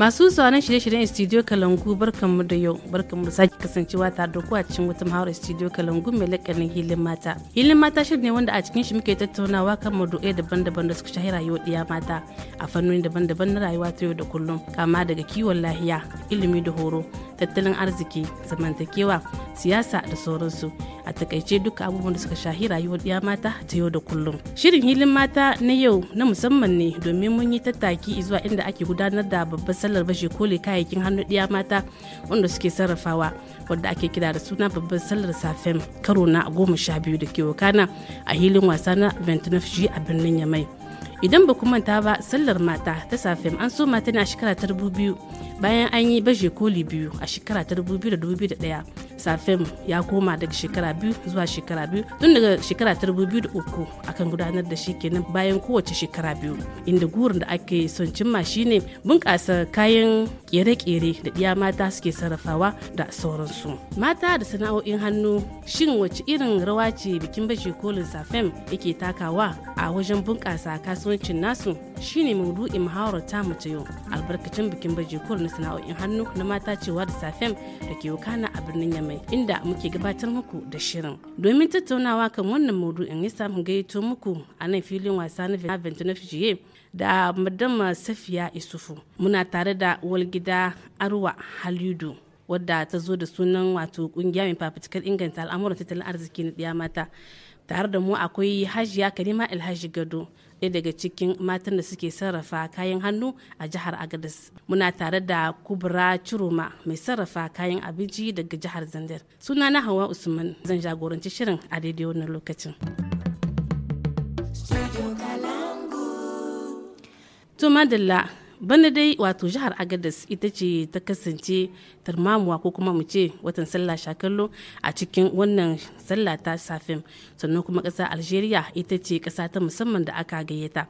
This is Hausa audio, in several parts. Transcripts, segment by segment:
masu sauran shirye-shiryen studio kalangu barkanmu da yau barkanmu da sake kasancewa tare da ku a cikin wata mahawar studio kalangu mai lakanin hilin mata hilin mata shirin ne wanda a cikin shi muke tattaunawa kan maudu'ai daban-daban da suka shahi rayuwar ɗiya mata a fannoni daban-daban na rayuwa ta yau da kullum kama daga kiwon lahiya ilimi da horo tattalin arziki zamantakewa siyasa da sauransu a takaice duka abubuwan da suka shahi rayuwar ɗiya mata ta yau da kullum shirin hilin mata na yau na musamman ne domin mun yi tattaki zuwa inda ake gudanar da babbar sallar bashe kole kayayyakin hannu ɗiya mata wanda suke sarrafawa wadda ake kira da suna babbar sallar safen karo na goma sha biyu da ke wakana a hilin wasa na 29 a birnin yamai idan ba manta ba sallar mata ta safem an so mata ne a shekara ta biyu bayan an yi baje koli biyu a shekara ta ɗaya safem ya koma daga shekara biyu zuwa shekara biyu tun daga shekara ta uku akan gudanar da shi kenan bayan kowace shekara biyu inda gurin da ake son cimma shine bunƙasa kayan kere-kere da ɗiya mata suke sarrafawa da sauransu mata da sana'o'in hannu shin wace irin rawa ce bikin baje kolin safem yake takawa a wajen bunƙasa kasuwanci kasuwancin nasu shine maudu'in muhawarar ta yau albarkacin bikin baje kol na sana'o'in hannu na mata cewa da safem da ke wakana a birnin yamai inda muke gabatar muku da shirin domin tattaunawa kan wannan maudu'in ya samu gayyato muku a nan filin wasa na ventu na fijiye da madama safiya isufu muna tare da walgida arwa halidu wadda ta zo da sunan wato kungiya mai fafutukar inganta al'amuran tattalin arziki na ɗiya mata tare da mu akwai hajiya karima alhaji gado ɗaya daga cikin matan da suke sarrafa kayan hannu a jihar agadis muna tare da kubra ciroma mai sarrafa kayan abinci daga jihar zandar suna na hawa usman zan jagoranci shirin a daidai wannan lokacin to madalla bana dai wato jihar agadas ita ce ta kasance tarmamuwa ko kuma mu ce watan sallah shakallo a cikin wannan sallah ta safin sannan kuma ƙasa algeria ita ce ƙasa ta musamman da aka gayyata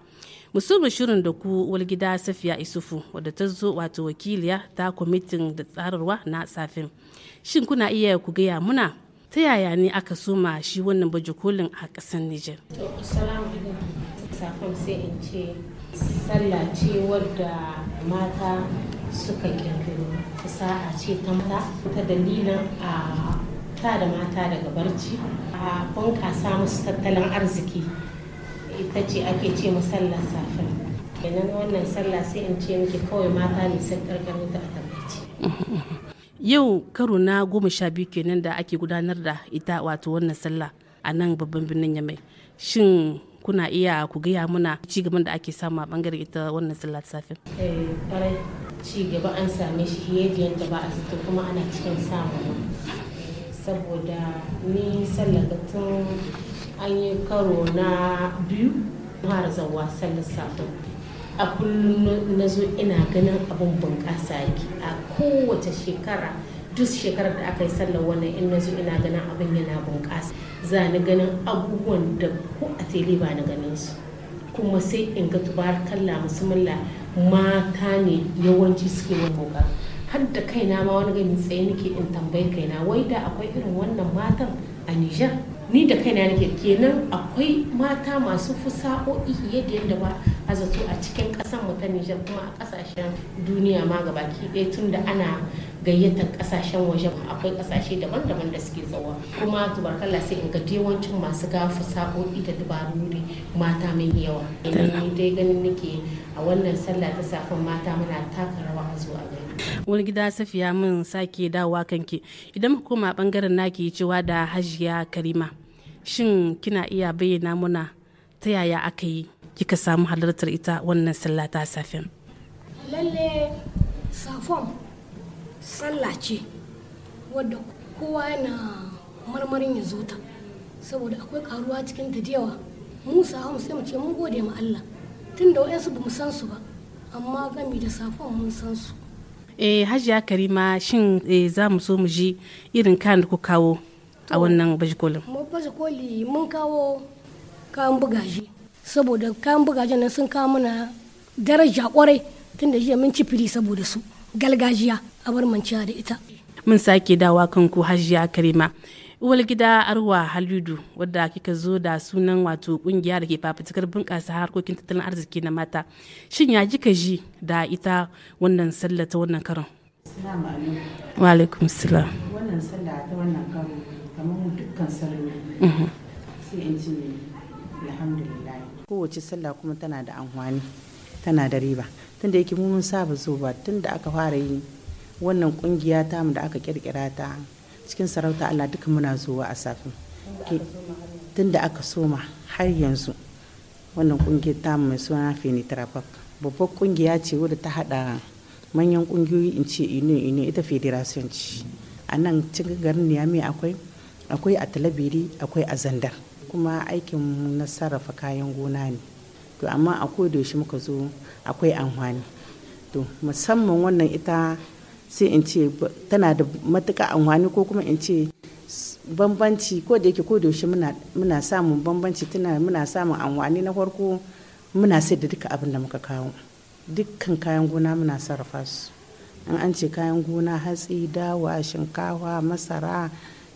musamman shirin da ku walgida safiya isufu wadda ta zo wato wakiliya ta kwamitin da tsararwa na safin shin kuna iya ku gaya muna ta yaya ne aka soma shi wannan baje kolin a ƙasar niger sai in ce sallah ce wadda mata suka kirkiro fasaha ce ta mata ta dalilin a ta da mata daga barci a bunƙasa musu tattalin arziki ita ce ake ce musallar safe kenan wannan sallah sai in ce miki kawai mata ne sun karkaro ta a tabbaci yau karo na goma sha biyu kenan da ake gudanar da ita wato wannan sallah a nan babban birnin yamai shin kuna iya ku gaya muna ci gaban da ake samu a bangare ita wannan sallar safin. Eh, ci gaba an same shi fiye ba a zato kuma ana cikin samun saboda ni tun an yi karo na biyu har zawa sallar safin a kullum na zo ina ganin abun bunƙasa yake a kowace shekara duk shekarar da aka yi sallar wannan in na zo ina ganin abin yana bunƙasa za ni ganin abubuwan da ko a tele ba ni ganin su kuma sai in ga la musamman mata ne yawanci suke yin boka har da kaina ma wani gani tsaye nake in tambayi kaina wai da akwai irin wannan matan a Nijar ni da kaina nake kenan akwai mata masu fusa'o'i yadda yadda ba a zato a cikin kasan mu ta Nijar kuma a ƙasashen duniya ma gabaki ɗaya tun da ana gayyatar kasashen waje akwai kasashe daban-daban da suke tsawa kuma tubarkalla sai in ga yawancin masu gafa sa'o'i da dubaru ne mata mai yawa ni dai ganin nake a wannan sallah ta safin mata muna taka rawa zuwa gani wani gida safiya min sake dawowa kanki idan mu koma bangaren naki cewa da hajiya karima shin kina iya bayyana muna ta yaya aka yi kika samu halartar ita wannan sallah ta safin lalle safon sallah ce wadda kowa yana marmarin ya zo ta saboda akwai karuwa cikin ta da yawa musa hamu sai mu ce mun gode ma Allah tun da wayansu bamu san su ba amma gami da safon mun san su eh hajiya karima shin eh, za mu so mu ji irin kan da ku kawo a wannan bajikolin mu bajikoli koli mun kawo kayan bugaje saboda kayan bugaje nan sun kawo mana daraja kwarai tun da jiya mun ci fili saboda su galgajiya a bar manciya da ita mun sake dawa kanku hajiya karima uwal gida arwa halidu wadda kika zo da sunan wato kungiya da ke fafutukar bunƙasa harkokin tattalin arziki na mata shin ya kika ji da ita wannan sallah ta wannan karon wa alaikum salam wannan sallah ta wannan karo kamar dukkan salloli mhm. sai in ce alhamdulillah kowace sallah kuma tana da amfani tana da riba tunda yake mun saba zuwa tunda aka fara yi wannan kungiya ta mu da aka kirkira ta cikin sarauta Allah duka muna zuwa a safin tun da aka soma har yanzu wannan kungiya ta mai suna fenitirapak babbar kungiya ce wadda ta hada manyan kungiyoyi in ce inu inu ita federation ce a nan cikin garin niyami akwai akwai a talabiri akwai a zandar kuma aikin na sarrafa kayan gona ne to amma a kodayaushe muka zo akwai amfani to musamman wannan ita sai in ce tana da matuka amfani ko kuma in ce bambanci ko da yake ko da yaushe muna samun bambanci tana muna samun amfani na farko muna sai da duka abin da muka kawo dukkan kayan gona muna sarrafa su in an ce kayan gona hatsi dawa shinkawa masara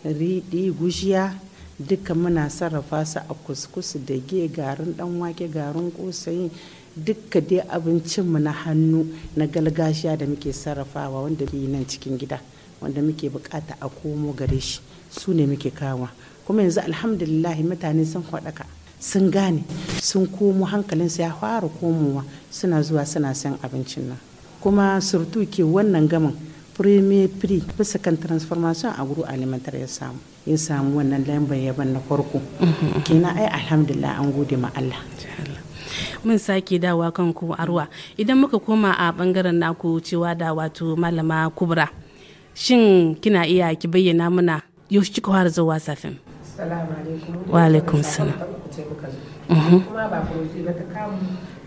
riɗi gushiya duka muna sarrafa su a kuskus da ge garin ɗan wake garin kosai dukka dai abincinmu na hannu na galgashiya da muke sarrafawa wanda ke nan cikin gida wanda muke bukata a komo gare shi su ne muke kawa kuma yanzu alhamdulillah mutane sun haɗaka sun gane sun komo hankalinsu ya fara komowa suna zuwa suna san abincin nan kuma surtu ke wannan gamin premier prix bisa kan transformation a agroalimentary ya samu ya samu wannan lambar yaban na farko mhm. kenan ai alhamdulillah an gode ma Allah mun sake dawa kanku a idan muka koma a bangaren naku cewa da wato malama kubra shin kina iya ki bayyana mana yaushe kika fara zuwa safin wa alaikum salam mhm. kuma ba kuma ba ta kawo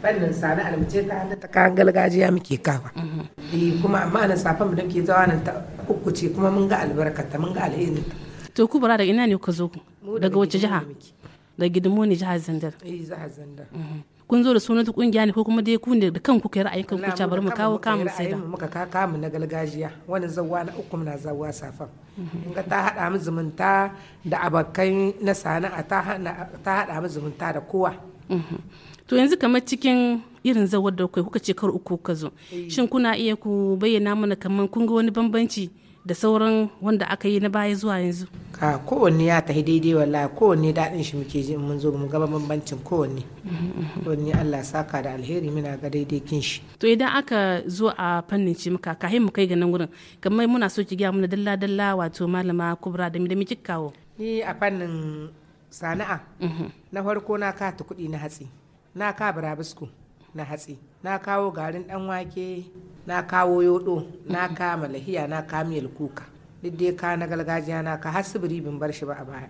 fannin sani almace ta hannu ta kayan gargajiya muke kawa mhm. e, kuma amma nan safan mu ke zawa nan ta uku ce kuma mun ga albarkata mun ga alherinta to ku bara daga ina ne ku zo daga wace jiha da gidimu ne jihar zandar eh jihar zandar mhm. kun zo da sunan kungiya ne ko kuma dai ku ne da kanku kai ra'ayin kanku cewa bari mu kawo kamun sai da muka ka kamun na gargajiya wani zawwa na uku na zawwa safan ga ta hada mu zumunta da abakan na sana'a ta hada mu zumunta da kowa mhm. to yanzu kamar cikin irin zawar da kai kuka ce kar uku ka zo eh. shin kuna iya ku bayyana mana kamar kun ga wani bambanci da sauran wanda aka yi na baya zuwa yanzu ka kowanne ya tafi daidai wala kowanne daɗin shi muke ji mun zo mu gaba bambancin kowanne kowanne Allah saka da alheri muna ga daidai kin shi to idan aka zo a fannin ci muka kahin mu kai ga nan gurin kamar muna so ki gaya mana dalla dalla wato malama kubra da da miki kawo ni a fannin sana'a mhm. na farko na ka ta kuɗi na hatsi na ka burabisku na hatsi na kawo garin dan wake na kawo yodo na ka malahiya na ka kuka duk dai ka na gargajiya na ka har sibiri bin bar shi ba a baya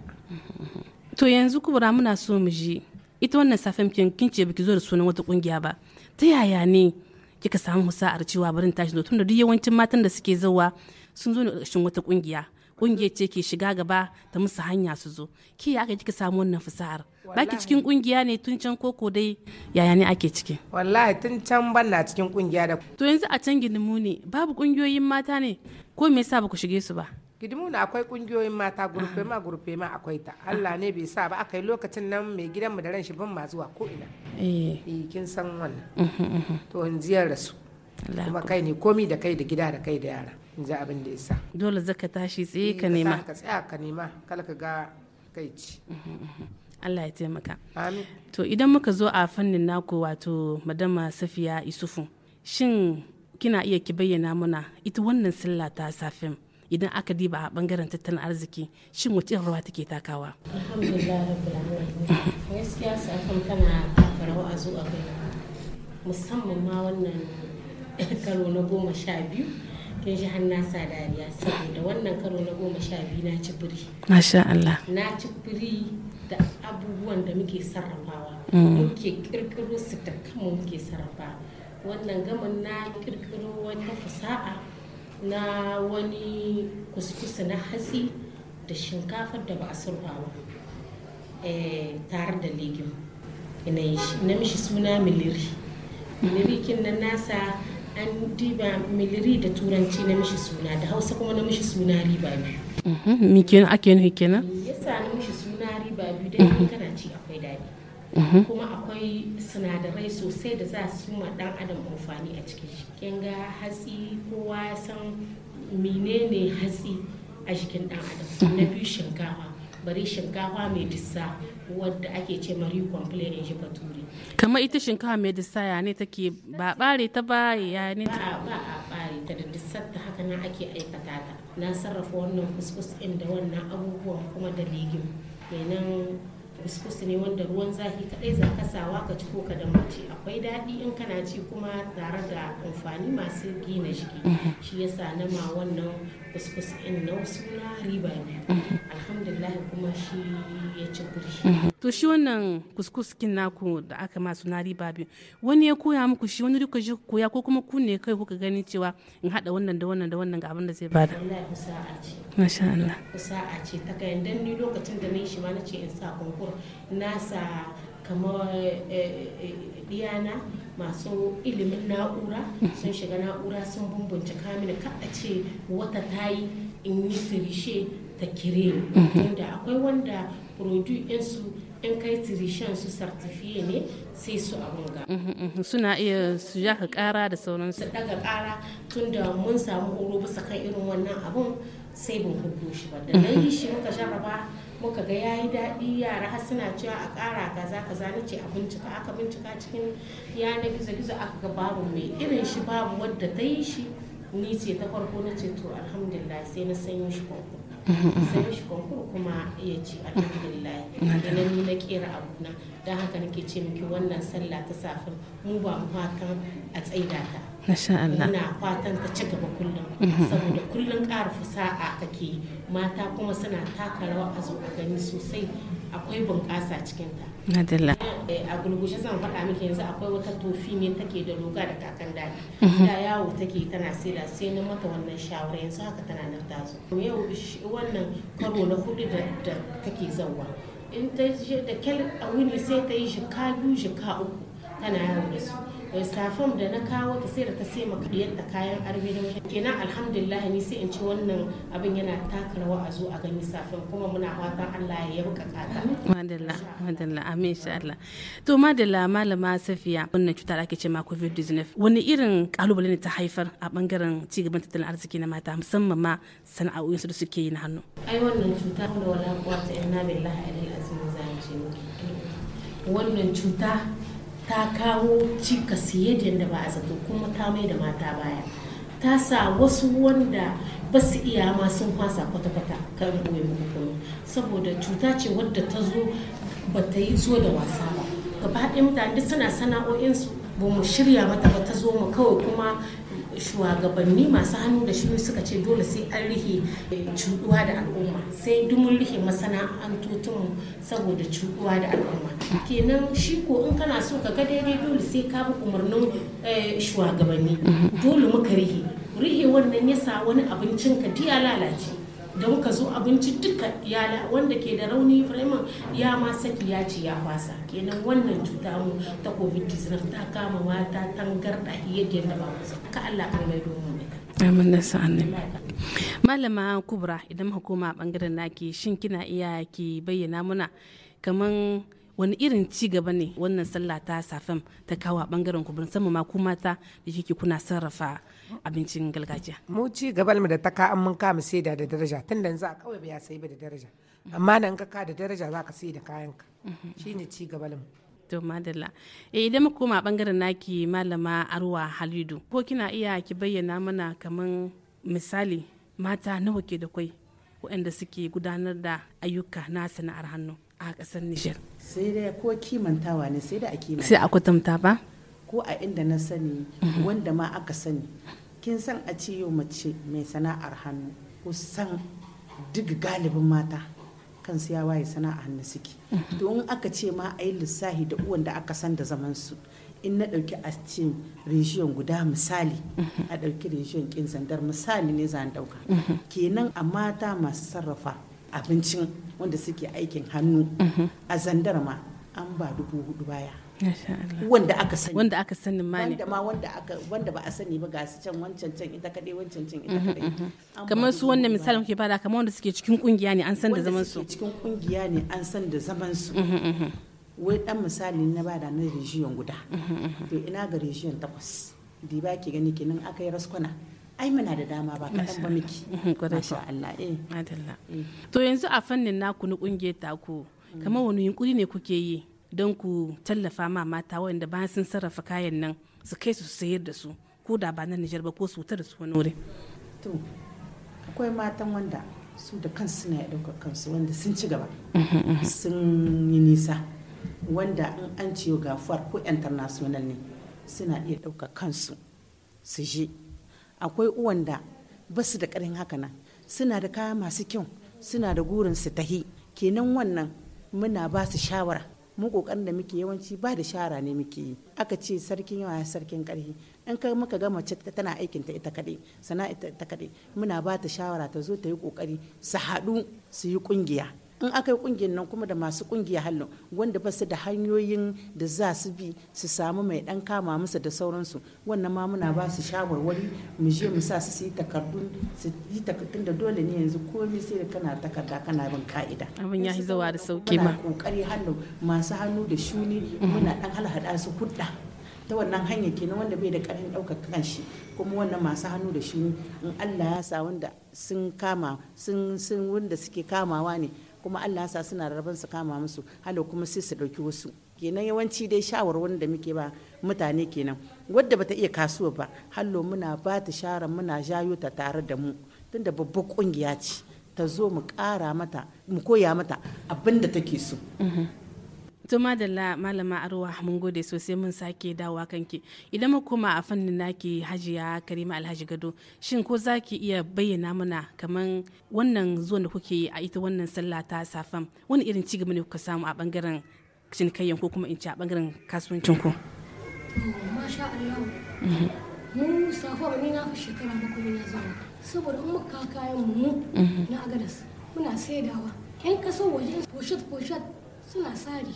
to yanzu kubura muna so mu je ita wannan safen kin kin ce biki zo da sunan wata kungiya ba ta yaya ne kika samu a cewa barin tashi zo tunda duk yawancin matan da suke zawa sun zo ne ƙarshen wata kungiya kungiyar ce ke shiga gaba ta musu hanya su zo ke ya aka kika samu wannan fasahar baki cikin kungiya ne tun can koko dai yaya ne ake ciki wallahi tun can ban na cikin kungiya da to yanzu a can gidimu ne babu kungiyoyin mata ne ko me yasa baku shige su ba gidimu na akwai kungiyoyin mata gurfe ma gurfe ma akwai ta Allah ne bai sa ba akai lokacin nan mai mu da ran shi ban ma zuwa ko ina eh, eh kin san wannan mhm, mhm. to in ziyar rasu kuma kai ne komi da kai da gida da kai da yara in ji abin da yasa dole zaka tashi tsaye eh, ka nema ka tsaya ka nema kalka ka ga kai ci mhm, Allah ya taimaka to idan muka zo a fannin naku wato madama safiya isufu shin kina iya ki bayyana muna ita wannan sallah ta safin idan aka diba a bangaren tattalin arziki shin wace rawa take takawa alhamdulillah gaskiya safin tana a zuwa musamman ma wannan karo na goma sha biyu kin shi har sa dariya saboda wannan karo na goma sha biyu na ci biri masha Allah na ci biri da abubuwan da muke sarrafawa mm. muke kirkiro su da kanmu muke sarrafa wannan gama na kirkiro wata fasa'a na wani kuskusa na hatsi da shinkafar da ba a surfawa eh, tare da legim na mishi suna miliri mm. kin nan nasa an diba miliri da turanci na mishi suna da hausa kuma na mishi suna riba biyu mi mhm, kenan ake nufi kenan yasa na mishi suna riba biyu dai mhm. kana ci akwai daɗi mhm. kuma akwai sinadarai sosai da za su ma dan adam amfani a cikin shi kin ga hatsi kowa san menene hatsi a jikin dan adam na biyu shinkafa bari shinkafa mai dissa wadda ake ce mari recomplain in shi bature kamar ita shinkafa mai disaya ne take ba bare ta ba ya ne ba a bare ta da dissar ta haka nan ake aikata ta na sarrafa wannan kuskus din da wannan abubuwan kuma da legim kenan kuskus ne wanda ruwan zafi kadai za ka sawa ka ci ko ka damace akwai daɗi in kana ci kuma tare da amfani masu gina jiki mhm. shi yasa na ma wannan kuskus in na wasu na riba ne alhamdulillah kuma shi ya ci to shi wannan kuskus kin naku da aka ma suna riba biyu wani ya koya muku shi wani duka shi koya ko kuma ku ne kai kuka gani cewa in hada wannan da wannan da wannan ga abin da zai bada wallahi a ce masha Allah a ce ta kai dan ni lokacin da na yi shi ma na ce in sa konkur na sa kamar eh, eh, eh, iyana masu ilimin na'ura sun shiga na'ura sun bambance kamini ka a ce wata ta yi in yi tirishe ta kire inda mm-hmm. akwai wanda produce in kai tirishen su sartifiye ne sai su abunga mm-hmm, mm-hmm. suna iya su ka kara da sauransu su daga kara tunda mun samu horo bisa kan irin wannan abun sai ban hudu ba da nan yi shi muka jarraba muka ga ya yi daɗi yara har suna cewa a ƙara kaza kaza na ce a bincika aka bincika cikin yanar gizo gizo aka ga babu mai irin shi babu wadda ta yi shi ni ce ta farko na ce to alhamdulillah sai na sanyo shi kwanko mm-hmm. sanyo shi kwanko kuma ya ce alhamdulillah mm-hmm. idan ni na kera abuna don haka nake ce miki wannan sallah ta safin mu ba mu hakan a tsaida ta ina fatan ta ci gaba kullum mhm. saboda kullum ƙara fusa'a kake mata kuma suna taka rawa a zo a gani sosai akwai bunƙasa cikinta Nadalla. Eh, a gurguje zan faɗa miki yanzu akwai wata tofi ne take da roga da kakan daji. Mhm. Da yawo take tana saida sai na mata wannan shawara yanzu haka tana nan ta zo. Yau wannan karo na hudu da take zauwa. In ta je da kyal a wuni sai ta yi shika biyu shika uku tana yawo da su. safam da na kawo ta sai da ta sai maka da kayan arbe da kenan alhamdulillah ni sai in ci wannan abin yana taka rawa a zo a gani safam kuma muna fatan Allah ya yabka kata madalla madalla amin insha Allah to madalla malama safiya wannan cuta da ake ce ma covid-19 wani irin kalubale ne ta haifar a bangaren cigaban tattalin arziki na mata musamman ma sana'o'in su da suke yi na hannu ai wannan cuta da wala quwwata illa billahi alil azim zan ce wannan cuta ta kawo cikas yadda da ba a zato kuma ta mai da mata baya ta sa wasu wanda ba su iya ma sun kwasa kwata-kwata kan goyi muku saboda cuta ce wadda ta zo ba ta yi zo da wasa ba gaba ɗaya mutane suna sana'o'insu ba mu shirya mata ba ta zo mu kawai kuma shugabanni masu hannu da shi suka ce dole sai an rihe cuɗuwa da al'umma sai dumun rihe masana'antutun saboda cuɗuwa da al'umma kenan shi ko in kana so ka ga daidai dole sai ka bi umarnin eh, shugabanni mm-hmm. dole muka rihe rihe wannan yasa wani abincin ka diya lalace da muka zo abinci duka iyala wanda ke da rauni firaiman ya ma saki ya ce ya fasa kenan wannan cuta mu ta covid-19 ta kama mata tangarɗa yadda yadda ba masu ka Allah kan mai domin Amin sa'annin. Malama Kubra idan hukuma bangaren naki shin kina iya ke bayyana muna kaman wani irin ci gaba ne wannan sallah ta safam ta kawo a bangaren ku musamman ma ku mata da kuna sarrafa abincin gargajiya mu ci gabal mu da ta ka an mun kama saida da daraja tun da za a kawai ba ya sai ba da daraja amma na in ka ka da daraja za ka sai da kayanka mhm. ne ci gabal mu to madalla E idan mu koma bangaren naki malama arwa halidu ko kina iya ki bayyana mana kaman misali mata nawa ke da kwai waɗanda suke gudanar da ayyuka na sana'ar hannu a ƙasar Nijar. Sai dai ko kimantawa ne sai da a kimanta. Sai a kwatanta ba? Ko a inda na sani mhm. wanda ma aka sani kin san a ce yau mace mai sana'ar hannu kusan duk galibin mata kan su ya waye sana'a hannu suke mhm. to in aka ce ma a yi lissahi da uwan da aka san da zaman su in na ɗauki a ce guda misali mhm. a ɗauki rijiyon kin sandar misali ne za ɗauka mhm. kenan a mata masu sarrafa abincin wanda suke aikin hannu a zandar ma an ba dubu hudu baya wanda aka sani wanda aka sani ma ne wanda ma wanda aka wanda ba a sani ba ga su can wancan can ita kadai wancan can ita mm-hmm, kadai mm-hmm. kamar su wannan misalin kuke bada kamar wanda suke cikin kungiya ne an san da zaman su wanda cikin kungiya ne an san da zaman su wai dan misali na da na rijiyon guda mm-hmm, to ina ga rijiyon takwas di ba ki gani kenan aka yi raskwana ai muna da dama ba kaɗan ba miki masha Allah eh. eh to yanzu a fannin naku na kungiyar taku mm. kamar wani yunkuri ne kuke yi don ku tallafa ma mata wanda bayan sun sarrafa kayan nan su kai su sayar da su ko da ba na Nijar ba ko su wuta da su wani wuri. To akwai matan wanda su da kansu na ɗaukar kansu wanda sun ci gaba mm-hmm. sun yi nisa wanda in an ce gafuwar ko international ne suna iya ɗaukar kansu su je akwai uwanda ba su da ƙarin haka nan suna da kaya masu kyau suna da gurin su tahi kenan wannan muna ba su shawara mu kokarin da muke yawanci ba da shara ne muke yi aka ce sarkin yawa sarkin karhi in ka muka ga mace tana aikin ta ita kadai sana'a ita kadai muna ba ta shawara ta zo ta yi kokari su haɗu su yi kungiya in aka yi kungiyar nan kuma da masu kungiya hallon wanda ba su da hanyoyin da za su bi su samu mai dan kama musu da sauransu wannan ma muna ba su shawarwari mu je mu sa su yi takardun su yi takardun da dole ne yanzu komai sai da kana takarda kana bin ka'ida abin ya zawa da sauki ma kokari hallon masu hannu da shuni muna dan halhada su hudda ta wannan hanya kenan wanda bai da karin daukar kanshi kuma wannan masu hannu da shuni in Allah ya sa wanda sun kama sun wanda suke kamawa ne kuma Allah sa suna rarrabin su kama musu hala kuma sai su dauki wasu kenan yawanci dai shawarwarin da muke ba mutane kenan wadda bata iya kasuwa ba hallo muna ba ta shara muna jayo ta tare da mu tunda babba kungiya ce ta zo mu kara mata mu koya mata abinda take so mm-hmm. da la malama arwa mun gode sosai mun sake dawowa kanki idan mu koma a fannin naki hajiya karima alhaji gado shin ko za ki iya bayyana mana kaman wannan zuwan da kuke yi a ita wannan sallah ta safan wani irin cigaba ne kuka samu a bangaren cinikayyan ko kuma in ci a bangaren kasuwancin ku masha Allah mhm. mu safa ne na fi shekara bakwai na zama saboda in muka kayan mu mhm. na agadas muna saidawa yan kaso wajen poshet poshet suna sari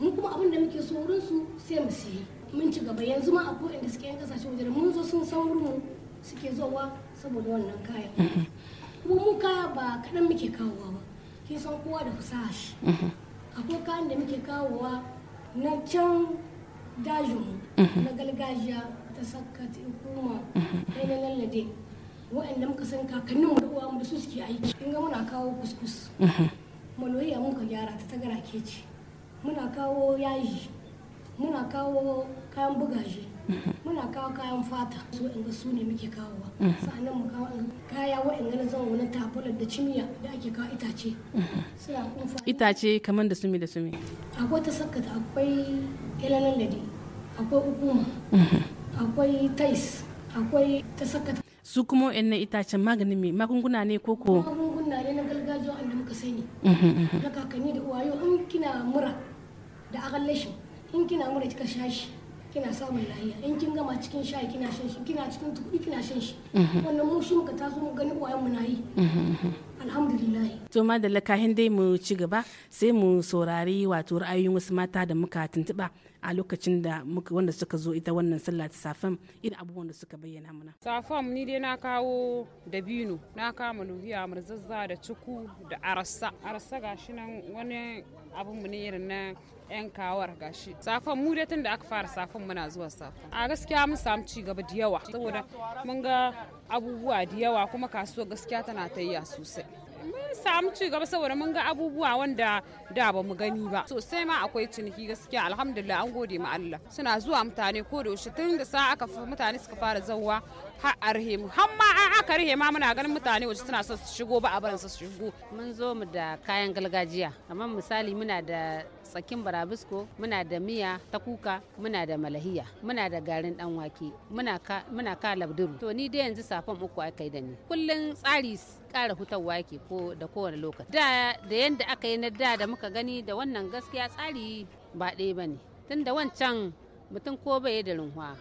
mu kuma abin da muke so wurin su sai mu sayi mun ci gaba yanzu ma a ko inda suke yan kasashe wajen mun zo sun san mu suke zowa saboda wannan kayan kuma mu kaya ba kaɗan muke kawowa ba kin san kowa da fasaha shi akwai kayan da muke kawowa na can mu na gargajiya ta sakka ta kuma ɗaya na lallade waɗanda muka san kakannin mu da uwa mu da su suke aiki in ga muna kawo kuskus ya muka gyara ta tagara ke ce muna kawo yaji muna kawo kayan bugaje mhm. muna kawo kayan fata Su in ga su ne muke kawowa mhm. sa'annan mu kawo kaya wa'in na zama wani tafular da cimiya da ake kawo itace mhm. suna kunfa itace kamar da sumi da sumi akwai ta sakata akwai ilanan ladi akwai hukuma akwai tais akwai ta sakata su kuma wa'in itacen maganin mai magunguna ne ko ko. magunguna ne na gargajiya wanda muka sani na kakanni da uwayo in kina mura da agallashi in kina mura kika sha shi kina samun lahiya in kin gama cikin shayi kina shan shi kina cikin tukudi kina shan shi mhm. wannan mu shi muka taso mu gani uwayen mu nayi mhm, mhm. alhamdulillah to madalla kahin dai mu ci gaba sai mu saurari wato ra'ayoyin wasu mata da muka tuntuba a lokacin da muka wanda suka zo ita wannan sallah ta safam irin abubuwan da suka bayyana mana safam ni dai na kawo dabino na kama lubiya murzazza da cuku da arasa arasa gashi nan wani abun mu ne irin na yan kawar gashi safan mu dai tunda aka fara safan muna zuwa safan a gaskiya mun samu ci gaba da yawa saboda mun ga abubuwa da yawa kuma kasuwa gaskiya tana tayya sosai samu ci gaba saboda mun ga abubuwa wanda da ba mu gani ba sosai ma akwai ciniki gaskiya alhamdulillah an gode ma Allah suna zuwa mutane ko da yaushe tun da sa aka mutane suka fara zawwa har arhe mu har ma an aka rihe ma muna ganin mutane waje suna so su shigo ba a barin su shigo mun zo mu da kayan gargajiya amma misali muna da tsakin barabisko muna da miya ta kuka muna da malahiya muna da garin dan wake muna ka muna to ni dai yanzu safon uku aka yi da ni kullun tsari kara hutar wake ko da kowane lokaci da da yanda aka yi na da da muka gani da wannan gaskiya tsari ba ɗaya ba ne tun da wancan mutum ko bai da runwa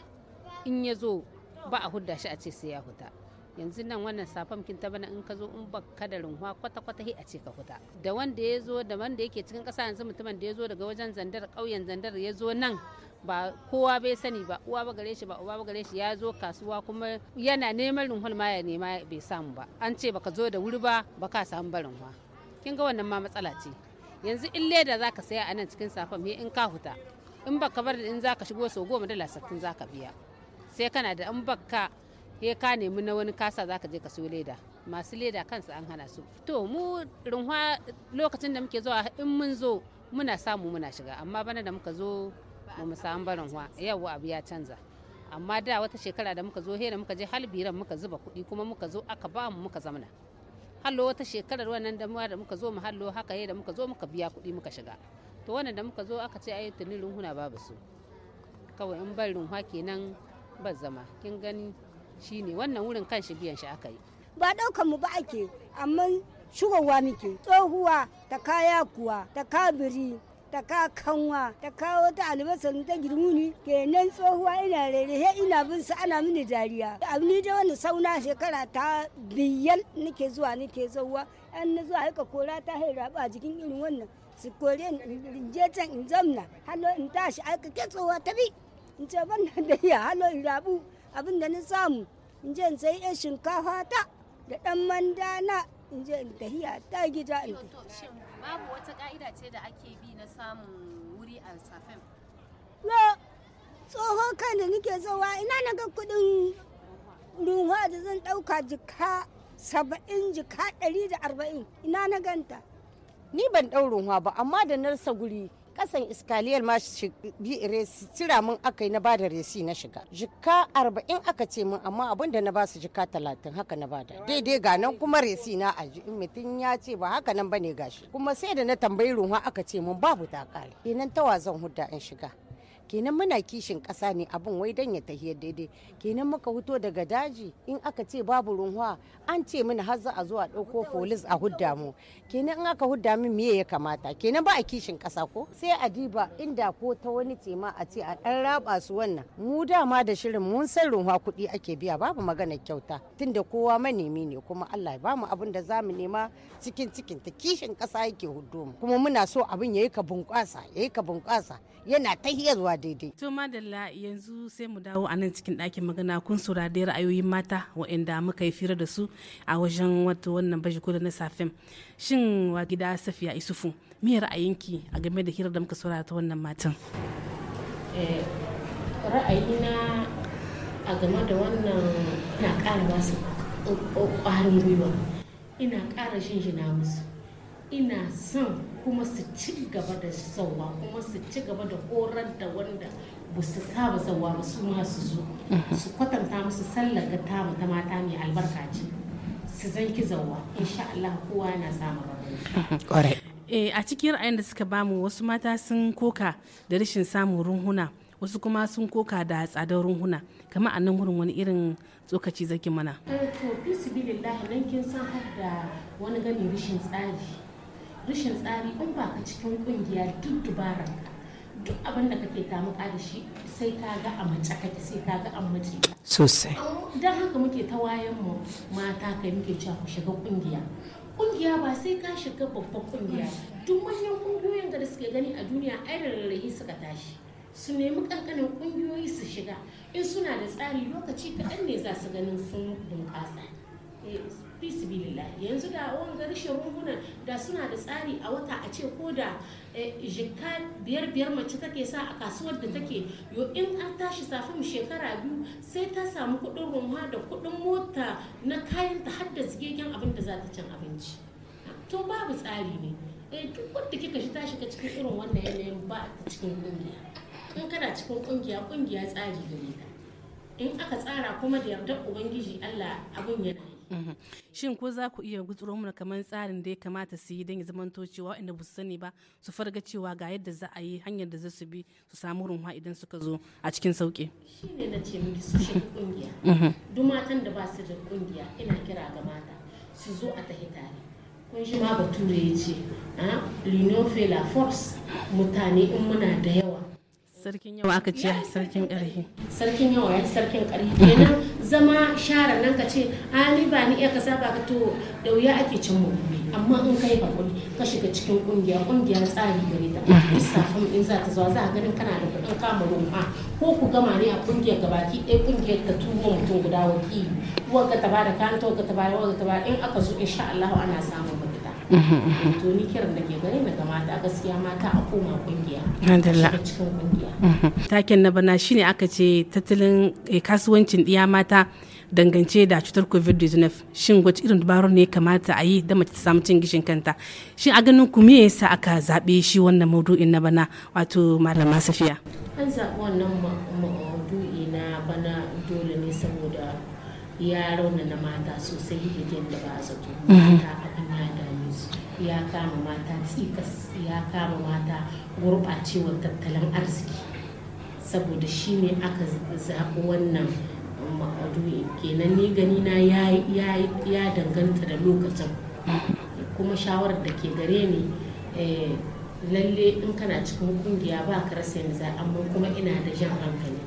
in ya zo ba a hudda shi a ce sai ya huta yanzu nan wannan safam kin ta bana in ka zo in baka da rinhuwa kwata kwata a ce ka huta da wanda ya zo da wanda yake cikin kasa yanzu mutumin da ya zo daga wajen zandar ƙauyen zandar ya zo nan ba kowa bai sani ba uwa ba gare shi ba Uwa ba gare shi ya zo kasuwa kuma yana neman runhul ma ya nema bai samu ba an ce baka zo da wuri ba baka samu ba rinhuwa kin ga wannan ma matsala ce yanzu in leda zaka saya a nan cikin me in ka huta in baka bar in zaka shigo sau goma da sattin zaka biya sai kana da in baka he ka nemi na wani kasa za ka je ka so leda masu leda kansu an hana su to mu rinwa lokacin da muke zuwa in mun zo muna samu muna shiga amma bana da muka zo ba mu samu barin hwa yau abu ya canza amma da wata shekara da muka zo hera muka je halbiran muka zuba kuɗi kuma muka zo aka ba mu muka zamana hallo wata shekarar wannan da da muka zo mu hallo haka da muka zo muka biya kuɗi muka shiga to wannan da muka zo aka ce ayi tunin runhuna babu su kawai in bar runwa kenan ba zama kin gani Shi ne wannan wurin kan shi biyan shi aka yi ba ɗaukan mu ba ake amma shugowa muke tsohuwa ta kaya kuwa ta kabiri ta ka kanwa ta kawo ta albasar ta girmuni kenan tsohuwa ina rere ina bin su ana mini dariya abu ni da wani sauna shekara ta biyan nake zuwa nake zuwa yan na zuwa haka kora ta haira a jikin irin wannan su kore in je can in zamna halo in tashi aka ke tsohuwa ta bi in ce ban da ya halo in rabu abin da na samu in je in sayi yan shinkafa ta da ɗan manda na in je in tahiya ta gida in tafi. babu wata ka'ida ce da ake bi na samun wuri a safen? No, tsoho kan da nake zowa ina na ga kuɗin ruwa da zan ɗauka jika saba'in jika ɗari da arba'in ina na ganta. Ni ban ɗau ruwa ba amma da narsa guri kasan iskaliyar ma cira mun aka yi na bada resi na shiga jika arba'in aka ce min, amma abin da na ba su jika talatin haka na bada daidai ga nan kuma resi na a mutum ya ce ba haka nan bane gashi kuma sai da na tambayi ruwa aka ce min babu ta kare kenan tawa zan hudda in shiga kenan muna kishin kasa ne abin wai dan ya tahi daidai kenan muka huto daga daji in aka ce babu runhuwa an ce mini har za a zo a ɗauko polis a hudda mu kenan in aka hudda min me ya kamata kenan ba a kishin kasa ko sai a diba inda ko ta wani ce ma a ce a dan raba su wannan mu dama da shirin mun san runhuwa kuɗi ake biya babu magana kyauta tunda kowa manemi ne kuma Allah ya bamu abin da zamu nema cikin cikin ta kishin kasa yake huddo mu kuma muna so abin yayi ka bunƙasa yayi ka bunƙasa yana tahiyarwa daidai. To madalla yanzu sai mu dawo a nan cikin ɗakin magana kun saurari ra'ayoyin mata waɗanda muka yi fira da su a wajen wato wannan baje kola na safen. Shin wa gida Safiya Isufu me ra'ayinki a game da hirar da muka saurara ta wannan matan? Eh, ra'ayina a game da wannan ina ƙara masu ƙwarin gwiwa ina ƙara shinshina musu ina son kuma su ci gaba da sauwa kuma su ci gaba da horar da wanda ba su saba sauwa ba su ma su zo mm-hmm. su kwatanta musu sallar ga ta ta mata mai albarka ce su zan ki zauwa insha Allah kowa yana samun rabon mm-hmm. eh, a cikin ra'ayin da suka bamu wasu mata sun koka da rashin samun runhuna wasu kuma sun koka da tsadar runhuna kamar a nan wurin wani irin tsokaci zakin mana. Eh, to fi su nan kin san har da wani gani rashin tsari rashin tsari in ba ka cikin kungiya duk dubaran ka duk abin da kake muka da shi sai ka ga a mace kake sai ka ga an mace sosai don haka muke ta wayan mu mata kai muke cewa ku shiga kungiya kungiya ba sai ka shiga babban kungiya duk manyan kungiyoyin da suke gani a duniya ai rarrahi suka tashi su nemi kankanin kungiyoyi su shiga in suna da tsari lokaci kaɗan ne za su ganin sun bunƙasa eh, fi sabilillah yanzu da wanga rashin rungunan da suna da tsari a wata a ce ko da eh, jikka biyar biyar mace take sa a kasuwar da take yo in an tashi safin shekara biyu sai ta samu kudin rumha da kudin mota na kayan ta har da zigegen abin da za ta cin abinci to babu tsari ne eh, duk wanda kika shi tashi shiga cikin irin wannan yanayin ba ta cikin kungiya in kana cikin kungiya kungiya tsari gare ta in aka tsara kuma da yardar ubangiji Allah abin yana Mhm. shin ko za ku iya gutsuro mana kamar tsarin da ya kamata su yi don ya zamanto cewa inda ba su sani ba su farga cewa ga yadda za a yi hanyar da za su bi su samu runwa idan suka zo a cikin sauki shine na ce miki su shiga kungiya mhm. duk matan da ba su da kungiya ina kira ga mata su zo a tahi tare kun shi ma bature ya ce ah, l'union fait force mutane in muna da yawa sarkin yawa aka ce sarkin ƙarfi sarkin yawa ya sarkin ƙarfi kenan zama share nan ka ce ali ba ni iya ka saba ka to da wuya ake cin mu amma in kai hakuri ka shiga cikin kungiya kungiya tsari gare ta lissafin in za ta zo za a ganin kana da kuɗin kama ruwa ko ku gama ne a kungiyar gabaki ɗaya kungiyar ta tuwo mutum guda wakili uwar ka ta bada kanto ka ta bada uwar ka ta bada in aka zo insha Allah ana samun to ni kiran da ke gare daga mata gaskiya mata a koma kungiya a cikin kungiya mhm. taken na bana shine aka ce tattalin eh, kasuwancin ɗiya mata dangance da cutar covid-19 shin wace irin dabaru ne kamata a yi da mace ta samu cin gishin kanta shin a ganin ku me yasa aka zabe shi wannan maudu'in na bana wato malama safiya an zaɓi wannan maudu'i na bana dole ne saboda ya raunana mata sosai da ba a zato mhm. mata ya kama mata tsikas ya kama mata gurɓacewar tattalin arziki saboda shi ne aka zaɓi wannan ma'adu'i kenan ni gani na ya danganta da lokacin kuma shawarar da ke gare ni eh, lalle in kana cikin kungiya ba ka rasa yanzu amma kuma ina da jan hankali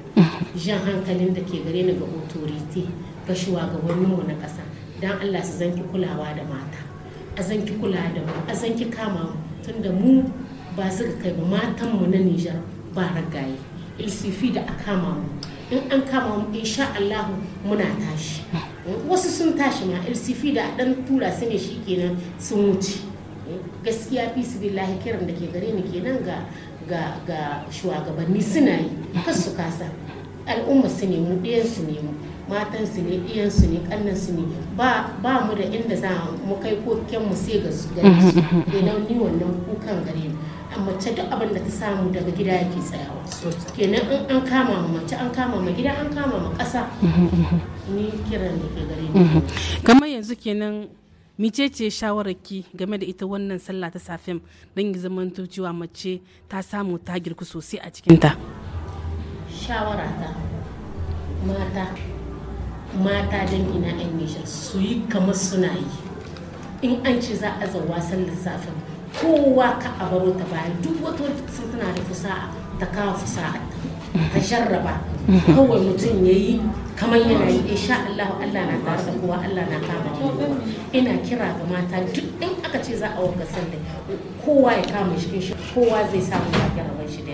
jan hankalin da ke gare ni ga otoriti ga shugabanninmu na ƙasa don allah su zanki kulawa da mata a ki kula da mu a ki kama mu tun da mu ba su kai ba matan mu na Nijar ba ragaye il fi da a kama mu in an kama mu insha allahu muna tashi wasu sun tashi ma il fi da a dan tura su ne shikenan sun wuce gaskiya fi su billahi kiran da ke gare ni kenan ga ga ga shugabanni suna yi kasu kasa al'umma su ne mu ɗayan su ne mu matan su ne ɗiyan su ne kannan su ne ba mu da inda za mu kai kyan mu sai ga su gare su idan eh, ni wannan kukan gare ni a mace duk abin da ta samu daga gida yake tsayawa kenan in an kama ma mace an kama ma gida an kama ma ƙasa ni kiran da ke gare ni kamar yanzu kenan ce shawararki game da ita wannan sallah ta safen don yi zamanto cewa mace ta samu ta girku sosai a cikinta shawara ta mata mata don ina yan nisha su yi kamar suna yi in an ce za a zan wasan lissafin kowa ka a baro ta baya duk wata sun tana da fusa'a ta kawo fusa'a ta sharraba kawai mutum ya yi kamar yana yi insha Allah Allah na tare da kowa Allah na kama kowa ina kira ga mata duk in aka ce za a wanka sanda kowa ya kama shi kowa zai samu ya gyara shi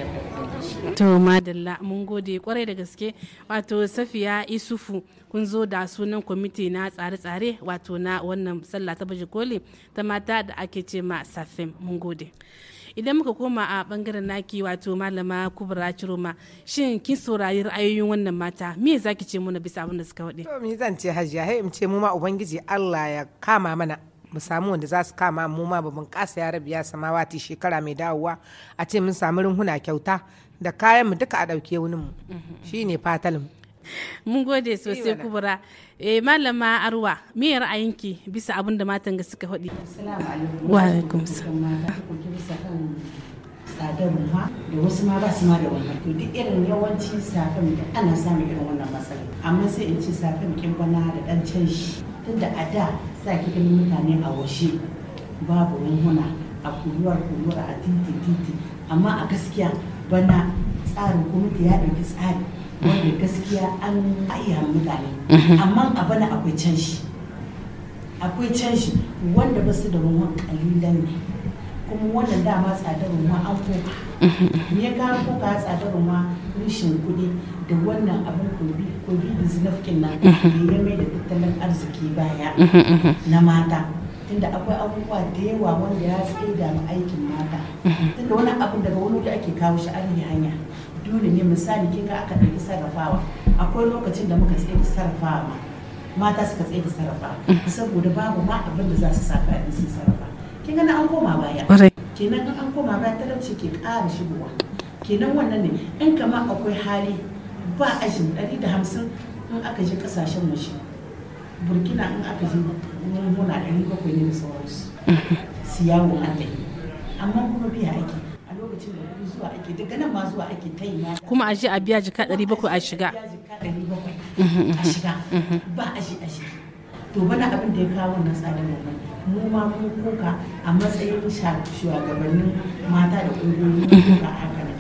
to madalla mun gode kwarai da gaske wato safiya isufu kun zo da sunan kwamiti na tsare-tsare wato na wannan sallah ta baje koli ta mata da ake ce ma safin mun gode idan muka koma a bangaren naki wato malama kubra ciroma shin kin saurari ra'ayoyin wannan mata me zaki ce muna bisa abin da suka wade to mi zan ce hajiya hai ce mu ma ubangiji Allah ya kama mana mu samu wanda za su kama mu ma mun kasa ya rabiya samawati shekara mai dawowa a ce mun samu runhuna kyauta da kayan mu duka a ɗauke wunin mu shine fatalin mun gode sosai kubura eh malama arwa me ra'ayinki bisa abin da matan ga suka faɗi wa alaikum tsadar ruwa da wasu ma ba su ma da wannan to duk irin yawanci safin da ana samun irin wannan matsalar amma sai in ci safin kin bana da dan can canshi tunda a da za ki ganin mutane a washe babu ruhuna a kuruwar kuruwar a titi titi amma a gaskiya bana tsarin gwamnati ya ɗauki tsari wanda gaskiya an ayyana mutane amma a bana akwai canji akwai canji wanda ba su da ruwan kalilan ne kuma wannan dama tsadar ruwa an koka ne ka koka tsadar ruwa rishin kuɗi da wannan abin da zinafkin na ya mai da tattalin arziki baya na mata tunda akwai abubuwa da yawa wanda ya tsaye da aikin mata mm-hmm. tunda wani abu daga wani wuri ake kawo shi an hanya dole ne misali kin ga aka ɗauki sarrafawa akwai lokacin da muka tsaye sarrafawa mata suka tsaye sarrafawa mm-hmm. saboda babu ma abin da za su sa fa sun sarrafa kin ga na an koma baya kenan an koma baya talauci ke ƙara shigowa kenan wannan ne in kama akwai hali ba ajin ɗari da hamsin in aka je ƙasashen mashi burkina in aka je muna ɗari bakwai ne da sauransu su yawo aka yi amma kuma biya ake a lokacin da kuma zuwa ake daga nan ma zuwa ake ta yi kuma a je a biya jika ɗari bakwai a shiga a mhm, mhm. shiga ba a shi a shi to bana abin da ya kawo na tsarin mu mu ma mun koka a matsayin shugabannin mata da ƙungiyoyin a mhm. haka ne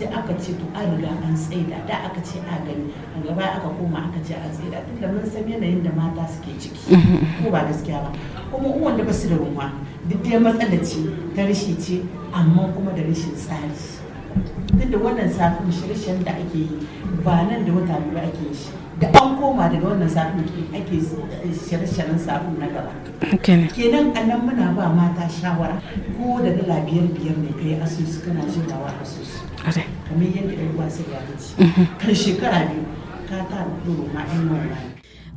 sai aka ce to an riga an tsaida da aka ce a gani a gaba aka koma aka ce a tsaida tunda mun san yanayin da mata suke ciki ko ba gaskiya ba kuma uwan da basu da ruwa duk dai matsala ce ta rashi ce amma kuma da rashin tsari da wannan safin shirishen da ake yi ba nan da wata biyu ake yi shi da an koma daga wannan safin ake shirye safin na gaba kenan a nan muna ba mata shawara ko da dala biyar biyar ne kai asusu kana jin dawa asusu kamar mhm. ma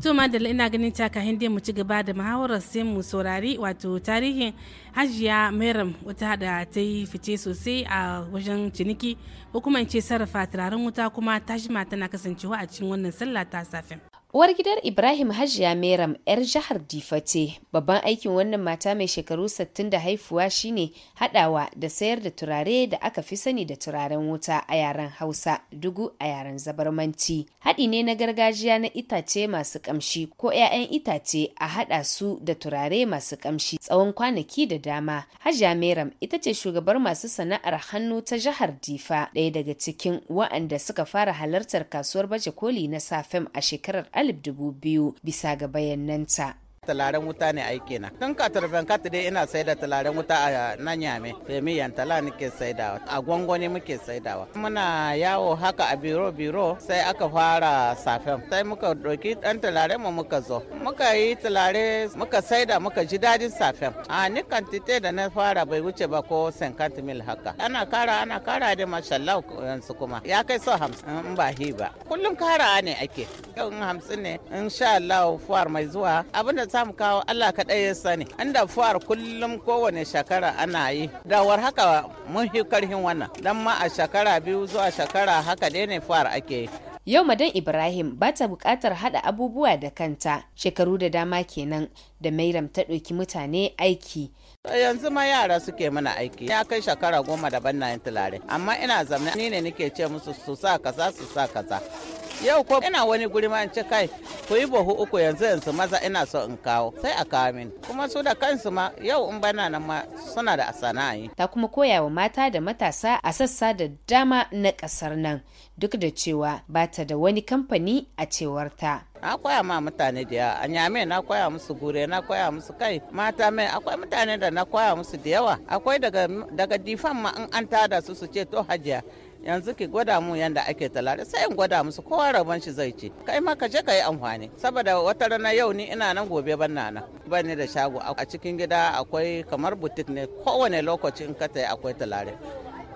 to madalla ina ganin ka hindi mu ci gaba da muhawarar sai mu saurari wato tarihin hajiya mairam wata da ta yi fice sosai a wajen ciniki ko kuma in ce sarrafa turaren wuta kuma ta tana kasancewa a cikin wannan sallah ta safin Uwar gidar Ibrahim Hajiya Meram 'yar jihar Difate, babban aikin wannan mata mai shekaru 60 da haifuwa shine hadawa da sayar da turare da aka fi sani da turaren wuta a yaren Hausa, dugu a yaren Zabarmanci. Haɗi ne na gargajiya na itace masu kamshi ko 'ya'yan itace a haɗa su da turare masu kamshi tsawon kwanaki da dama. Hajiya Meram ita ce shugabar masu sana'ar hannu ta jihar Difa, ɗaya daga cikin wa'anda suka fara halartar kasuwar baje koli na Safem a shekarar dubu biyu bisa ga bayananta talaren wuta ne aiki na kan ka tarban ka dai ina sai da talaren wuta a nan yame femi eh, tala nake saidawa a gwangwani muke saidawa muna yawo haka a biro biro sai aka fara safen sai muka doki dan talaren mu muka zo muka yi talare muka saida muka ji dadin safen a ni kantite da na fara bai wuce ba ko senkant mil haka ana kara ana kara da mashallah yanzu kuma ya kai so hamsin in ba hi ba kullum kara ne ake yau in hamsin ne in sha Allah fuwar mai zuwa abinda za mu kawo Allah kaɗai ya sani. An da fuwar kullum kowane shekara ana yi. Dawar haka mun fi karhin wannan. Dan ma a shekara biyu zuwa shekara haka dai ne fuwar ake yi. Yau Madan Ibrahim ba ta buƙatar haɗa abubuwa da kanta shekaru da dama kenan da Mairam ta ɗauki mutane aiki. Yanzu ma yara suke mana aiki ya kai shekara goma daban na yin tulare amma ina zamna ni ne nake ce musu su sa kaza su sa kaza yau ko ina wani guri ma in ce kai ku yi bahu uku yanzu yanzu maza ina so in kawo sai a kawo min kuma su da kansu ma yau in bana nan ma suna da sana'a yi ta kuma koya wa mata da matasa a sassa da dama na kasar nan duk da cewa ba ta da wani kamfani a cewar ta. na koya ma mutane da yawa a nyame na koya musu gure na koya musu kai mata mai akwai mutane da na koya musu da yawa akwai daga difan ma in an tada su su ce to hajiya yanzu ki gwada mu yanda ake talare sai in gwada musu kowa rabon shi zai ce kai ma ka je ka yi amfani saboda wata rana yau ni ina nan gobe ban na nan ban da shago a cikin gida akwai kamar butik ne kowane lokaci in ka tayi akwai talare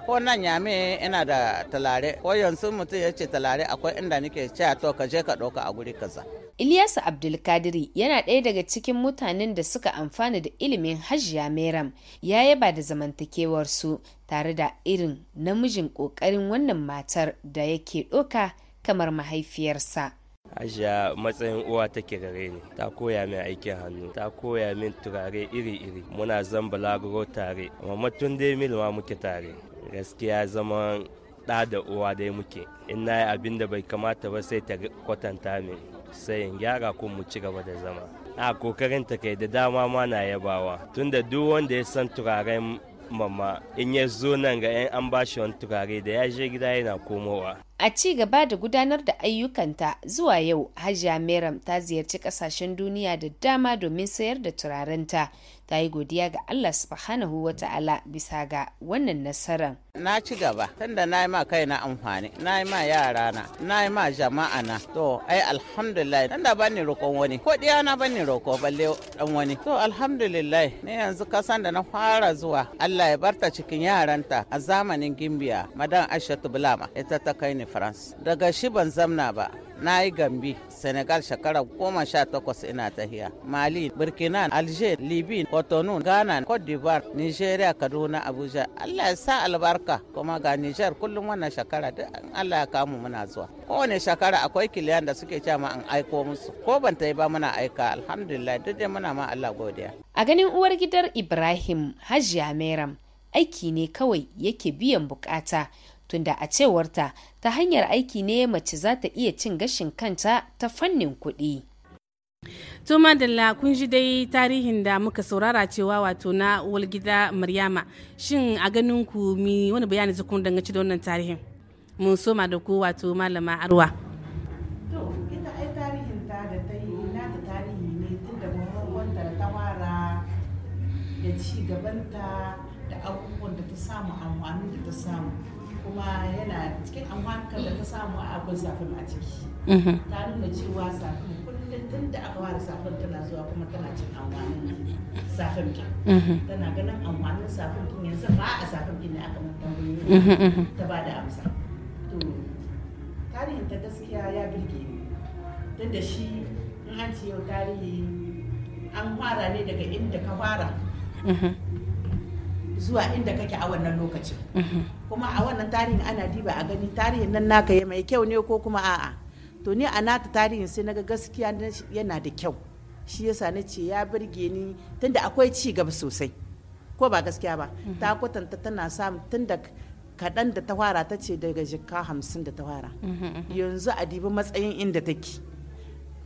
ko nan me ina da talare ko yanzu mutum ya ce talare akwai inda nake cewa to ka je ka ɗauka a guri kaza. Ilyasu Abdulkadiri yana ɗaya daga cikin mutanen da suka amfana da ilimin Hajiya Meram ya yaba da zamantakewar su tare da irin namijin ƙoƙarin wannan matar da yake ɗoka kamar mahaifiyarsa. Hajiya matsayin uwa take gare ni ta koya min aikin hannu ta koya min turare iri-iri muna zan balaguro tare amma tun dai milma muke tare gaskiya zaman ɗa da uwa dai muke in na yi abin da bai kamata ba sai ta kwatanta min sai in gyara ko mu ci gaba da zama a kokarin ta kai da dama ma na yabawa tunda duk wanda ya san turaren mamma in ya zo nan ga 'yan an bashi wani turare da ya je gida yana komowa a ci gaba da gudanar da ayyukanta zuwa yau hajiya meram ta ziyarci kasashen duniya da dama domin sayar da turarenta ta yi godiya ga Allah subhanahu wa ta'ala bisa ga wannan nasarar. Na ci gaba, tunda na yi ma kaina amfani, na yi ma yara na, na yi ma jama'a na. To, ai alhamdulillah, tunda ban ni roƙon wani, ko ɗiya na ban ni roƙo balle ɗan wani. To, alhamdulillah, ni yanzu kasan da na fara zuwa, Allah ya barta cikin yaranta a zamanin Gimbiya, Madan Aisha Bulama, ita ta kai ni France. Daga shi ban zamna ba, na yi gambi senegal shekara goma sha takwas ina tahiya mali burkina alger libya cotonou ghana cote d'ivoire nigeria kaduna abuja allah ya sa albarka kuma ga niger kullum wannan shekara duk allah ya kamu muna zuwa kowane shekara akwai kiliyan da suke cewa ma an aiko musu ko ban ta yi ba muna aika alhamdulillah duk dai muna ma allah godiya a ganin uwar gidar ibrahim hajiya meram aiki ne kawai yake biyan bukata tunda a cewarta ta hanyar aiki ne mace za ta iya cin gashin kanta ta fannin kuɗi. to madalla kun ji dai tarihin da muka saurara cewa wato na walgida maryama shin a ganin ku mi wani bayani zukun danganci da wannan tarihin mun soma da ku wato malama arwa da ta yi tarihi ne ta da ci gabanta da abubuwan da ta samu amfani da ta samu kuma yana cikin amfanin da ta samu a abin safin a ciki mm-hmm. ta nuna cewa safin kullum tun da aka ware safin tana zuwa kuma tana cin amfanin safin ta. Mm-hmm. tana ganin amfanin safin kin yanzu ba a safin kin ne aka mutan mm-hmm, ta ba da amsa to tarihin ta gaskiya ya birge ni tun da shi in an ce yau tarihi an fara ne daga inda ka fara zuwa inda kake a wannan lokacin mhm. kuma a wannan tarihin ana diba a gani tarihin nan naka ya mai kyau ne ko kuma a'a to ni a nata tarihin sai naga gaskiya yana da kyau shi yasa na ce ya birge ni tunda akwai ci gaba sosai ko ba gaskiya ba mhm. ta kwatanta tana samu tunda kaɗan da ta fara ta ce daga jikka hamsin da ta fara mhm, yanzu a dibi matsayin inda take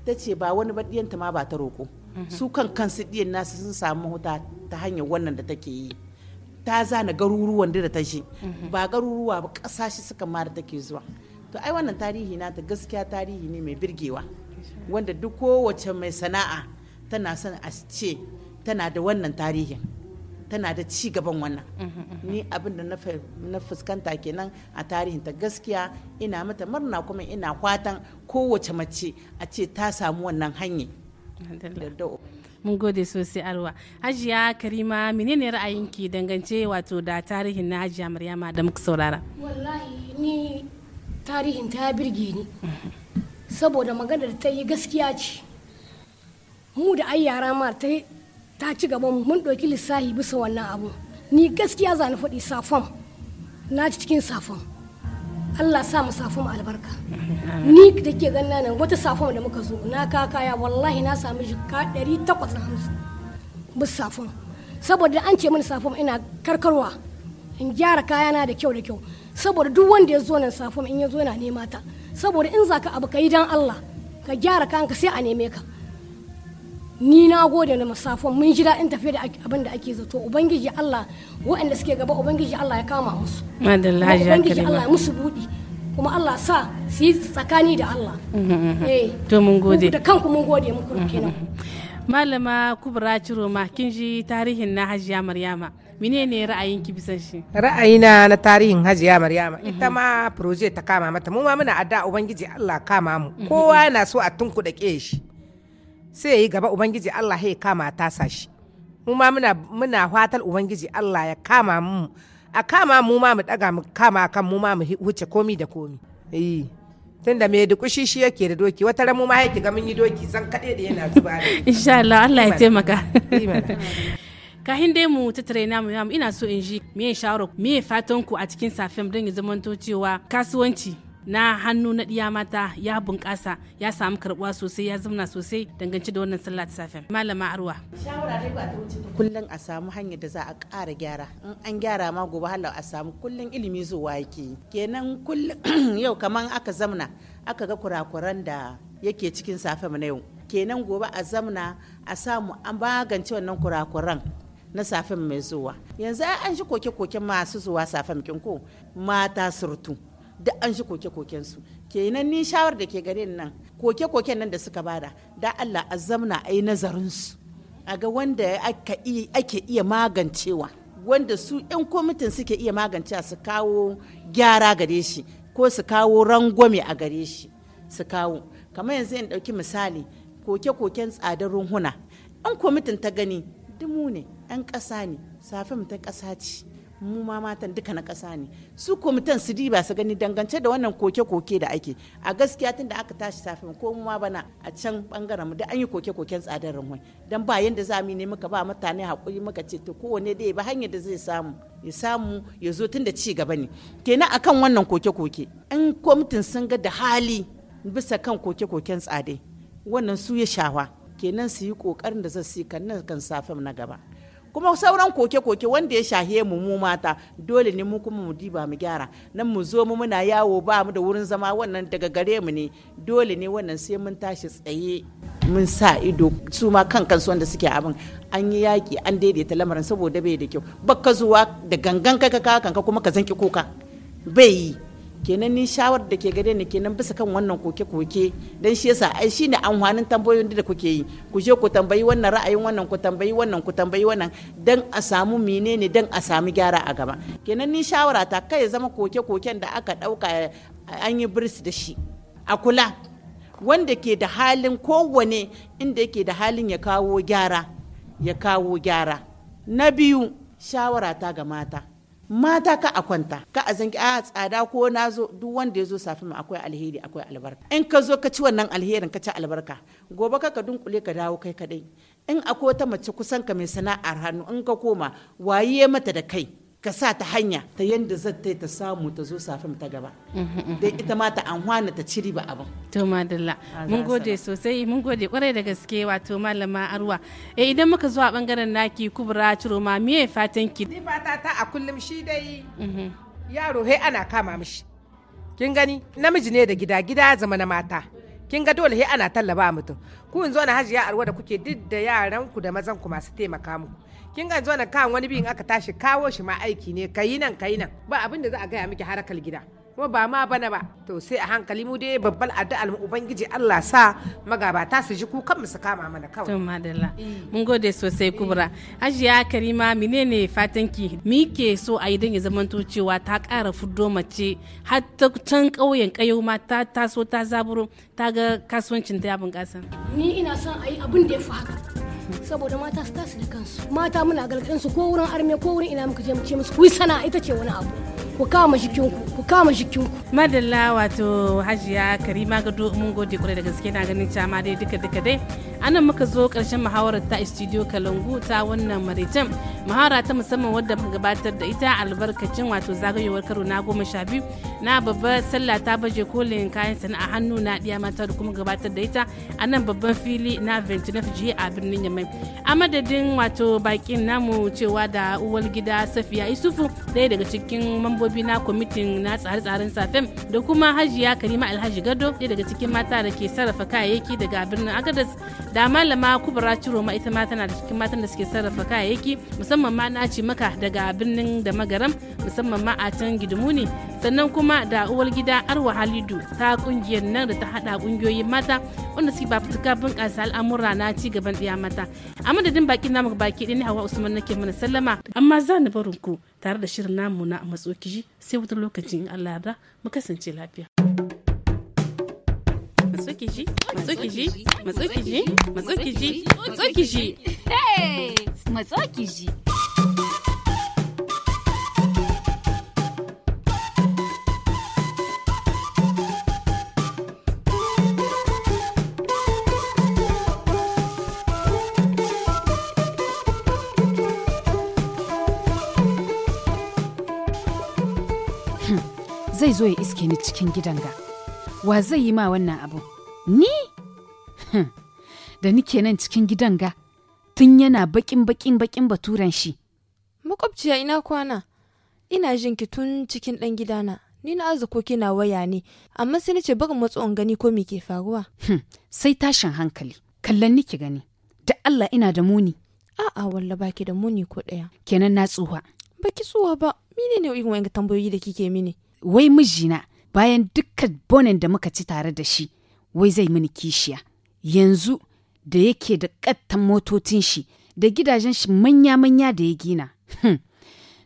ta ce ba wani ba ɗiyanta ma ba ta roƙo su kan kansu ɗiyan nasu sun samu huta ta hanyar wannan da take yi ta zana garuruwan da ta shi mhm. ba garuruwa ba kasashe suka ma take zuwa to ai wannan tarihi na ta gaskiya tarihi ne mai birgewa wanda duk kowace mai sana'a tana son a ce tana da wannan tarihin tana da ci gaban wannan mhm, mhm, ni abin da na fuskanta kenan a tarihin ta gaskiya ina mata murna kuma ina kwatan kowace mace a ce ta samu wannan hanyar mun gode sosai arwa hajiya karima menene ra'ayinki dangance wato da tarihin na hajiya maryama da muka saurara wallahi ni tarihin ta birge ni saboda maganar ta yi gaskiya ce mu da ai yara ma ta ci gaba mun ɗauki lissafi bisa wannan abu ni gaskiya za faɗi safon na ci cikin safon Allah sa mu safu mu albarka ni da ke ganna nan wata safon da muka zo na ka kaya wallahi na sami jikka 850 bu safon saboda an ce mun safon ina karkarwa in gyara kayana da kyau da kyau saboda duk wanda ya zo nan safon in ya zo yana nema ta saboda in zaka abu ka yi dan Allah ka gyara kanka sai a neme ka ni na gode na musafon mun ji daɗin tafiya da abin da ake zato ubangiji Allah waɗanda suke gaba ubangiji Allah ya kama musu madalla ya ubangiji Allah ya musu buɗi kuma Allah sa su yi tsakani da Allah mm-hmm. eh to mun gode da kanku mun gode muku mm-hmm. kenan malama kubra ciroma kin ji tarihin na hajiya maryama menene ra'ayin ki bisan shi ra'ayina na tarihin hajiya maryama ita ma proje ta kama mata mu ma muna adda ubangiji Allah kama mu mm-hmm. kowa na so a tunku ke shi sai ya yi gaba ubangiji allah ya kama ta sashi mu ma muna muna fatar ubangiji allah ya kama mu a kama mu ma mu daga mu kama kan mu ma mu huce komi da komi yi tunda mai da kushi shi yake da doki wata ramu ma yake ga mun yi doki zan kade da yana zuba insha Allah Allah ya taimaka kahin dai mu tare namu ina so in ji me shawara me fatan ku a cikin safem don ya zamanto cewa kasuwanci na hannu na ɗiya mata ya bunƙasa ya samu karɓuwa sosai ya zumna sosai dangance da wannan sallah ta safe malama arwa kullum a samu hanyar da za a ƙara gyara in an gyara ma gobe hala a samu kullum ilimi zuwa yake kenan kullum yau kaman aka zamna aka ga kurakuran da yake cikin safen na yau kenan gobe a zamna a samu an bagance wannan kurakuran na safen mai zuwa yanzu an shi koke koken masu zuwa safen ko mata surtu duk an shi koke koken su kenan ni shawar da ke gare nan koke-koken nan da suka bada da Allah azamna zamna a yi nazarinsu a ga wanda ake iya magancewa wanda su 'yan kwamitin suke iya magancewa su kawo gyara gare shi ko su kawo rangwame a gare shi su kawo kamar yanzu in ɗauki misali koke-koken tsadar runhuna 'yan kwamitin ta gani dumu ne 'yan ƙasa ne safin ta ƙasa ce mu ma matan duka na ƙasa ne su kwamitan su diba su gani dangance da wannan koke-koke da ake a gaskiya tun da aka tashi safin ko mu ma bana a can bangaren mu da an yi koke-koken tsadar ranwai dan ba yanda za mu ne muka ba mutane hakuri muka ce to kowane dai ba hanyar da zai samu ya samu ya zo tun da ci gaba ne kenan akan wannan koke-koke in kwamitin sun ga da hali bisa kan koke-koken tsadai wannan su ya shawa kenan su yi kokarin da zai su nan kan safin na gaba kuma sauran koke-koke wanda ya shahe mu mu mata dole ne mu kuma mu diba mu gyara nan mu zo mu muna yawo ba mu da wurin zama wannan daga gare mu ne dole ne wannan sai mun tashi tsaye mun sa ido su ma kan kansu wanda suke abin an yi yaƙi an daidaita lamarin saboda bai da kyau bakka zuwa da gangan kai ka kuma ka zanki kuka bai yi kenan ni shawar da ke gare ni kenan bisa kan wannan koke-koke dan shi yasa ai shine amfanin tambayoyin da kuke yi ku je ku tambayi wannan ra'ayin wannan ku tambayi wannan ku tambayi wannan dan a samu menene dan a samu gyara a gaba kenan ni shawara ta kai zama koke-koken da aka dauka an yi birsi da shi a kula wanda ke da halin kowane inda yake da halin ya kawo gyara ya kawo gyara na biyu shawara ta ga mata mata ka a kwanta ka a zanki a tsada ko na zo duk wanda ya zo safi ma akwai alheri akwai albarka in ka zo ka ci wannan alherin ka ci albarka gobe ka ka dunkule ka dawo kai kadai in akwai wata mace kusan ka mai sana'ar hannu in ka koma waye mata da kai ka sa ta hanya ta yadda zata ta samu ta zo safin ta gaba mm-hmm. dai ita ma ta anhwana ta ciri ba abin to madalla mun gode sosai mun gode kwarai da gaske wato malama arwa eh idan muka zo a bangaren naki kubra ciro ma miye fatan ki ni fata ta a kullum shi dai mm-hmm. yaro he ana kama mishi kin gani namiji ne da gida gida zama na mata kin ga dole he ana tallaba mutum ku yanzu zo na hajiya arwa da kuke duk da yaran ku da mazan ku masu taimaka muku kin ga zo na kan wani bin aka tashi kawo shi ma aiki ne kayi nan kayi nan ba abin da za a gaya miki harakar gida kuma ba ma bana ba to sai a hankali mu dai babbar addu'ar mu ubangiji Allah sa magabata su ji kukan mu su kama mana kawai to madalla eh. mun gode sosai eh. kubra hajiya karima menene fatan ki mike so a yi dan zaman to cewa ta ƙara fuddo mace har ta can ƙauyen kayo ma ta taso ta zaburo ta ga kasuwancin ta ya bunƙasa ni ina son a yi abin da ya fi haka ku saboda mata su tasu da kansu mata muna gargaɗin su ko wurin arme ko wurin ina muka je mu ce musu ku sana ita ce wani abu ku kama jikinku ku kama jikinku madalla wato hajiya karima gado mun gode kwarai da gaske na ganin ma dai duka duka dai anan muka zo karshen muhawarar ta studio kalangu ta wannan maritim muhawara ta musamman wadda muka gabatar da ita albarkacin wato zagayowar karo na goma sha biyu na babbar sallah ta baje kolin kayan sana'a hannu na diya mata da kuma gabatar da ita anan babban fili na 29 a birnin yamai mai a madadin wato bakin namu cewa da uwar gida safiya isufu ɗaya daga cikin mambobi na kwamitin na tsare-tsaren safem da kuma hajiya karima alhaji gado ɗaya daga cikin mata da ke sarrafa kayayyaki daga birnin agadas da malama kubra ma ita ma tana da cikin matan da suke sarrafa kayayyaki musamman ma na maka daga birnin da magaram musamman ma a can gidimuni sannan kuma da uwar gida arwa halidu ta kungiyar nan da ta hada kungiyoyin mata wanda suke bafutuka bunƙasa al'amura na ci gaban ɗaya mata a madadin baki namu baki ɗin hawa usman nake mana sallama amma za ni barin ku tare da shirin namu na matso kishi sai wutar lokacin allah mu kasance lafiya matso kishi matso kishi matso kishi matso kishi matso kishi matso kishi zai zo ya iske ni cikin gidan ga wa zai yi ma wannan abu ni da nike nan cikin gidan ga tun yana bakin bakin bakin baturen shi makwabciya ina kwana ina jin ki tun cikin ɗan gidana ni na arziko kina waya ne amma sai nace barin matsu in gani ko me ke faruwa sai tashin hankali kallon niki gani da Allah ina da muni a'a walla baki da muni ko ɗaya kenan na tsuwa baki tsuwa ba mine ne irin wani tambayoyi da kike mini wai mijina bayan dukkan bonin da muka ci tare da shi wai zai mini kishiya yanzu da yake da kattan motocin shi da gidajen shi manya-manya da ya gina hmm.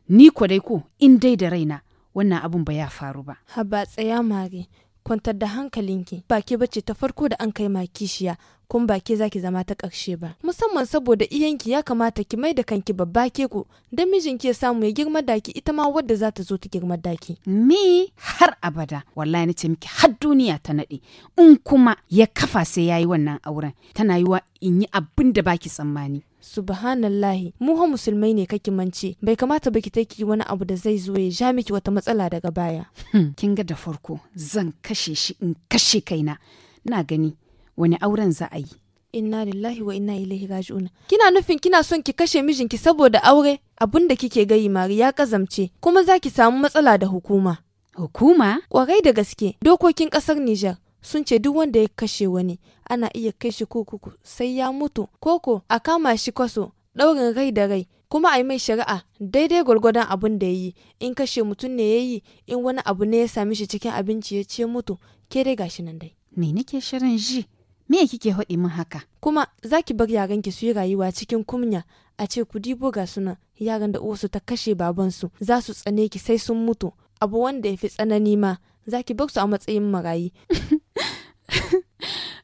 ni ko ko in dai da raina wannan abun ba ya faru ba haba tsaya mare kwantar da hankalinki ba ke bace ta farko da an kai ma kishiya kun ba ke zaki zama ta ƙarshe ba musamman saboda iyanki ya kamata ki mai da kanki babba ke ku don mijin ke samu ya girma daki ita ma wadda za ta zo ta girma daki ni har abada wallahi nace miki har duniya ta naɗe in kuma ya kafa sai yayi wannan auren tana yiwa in yi abin da baki tsammani subhanallahi mu ha musulmai ne kake mance bai kamata ba ki taki wani abu da zai zo ya ja miki wata matsala daga baya hmm, kin ga da farko zan kashe shi in kashe kaina na gani wani auren za a yi inna lillahi wa inna ilaihi raji'un kina nufin kina son ki kashe mijinki saboda aure abun da kike gayi mari ya kazamce kuma zaki samu matsala da hukuma hukuma kwarai da gaske dokokin kasar Nijar sun ce duk wanda ya kashe wani ana iya kai shi kurkuku sai ya mutu koko a kama shi kwaso ɗaurin rai da rai kuma a yi mai shari'a daidai gwargwadon abin da ya yi in kashe mutum ne ya yi in wani abu ne ya sami shi cikin abinci ya ce mutu ke dai gashi nan dai. me nake shirin ji me kike haɗi min haka. kuma za ki bar yaran ki su yi rayuwa cikin kunya a ce ku dibo ga suna yaran da uwarsu ta kashe babansu za su tsane ki sai sun mutu abu wanda ya fi tsanani ma za ki bar su a matsayin marayi.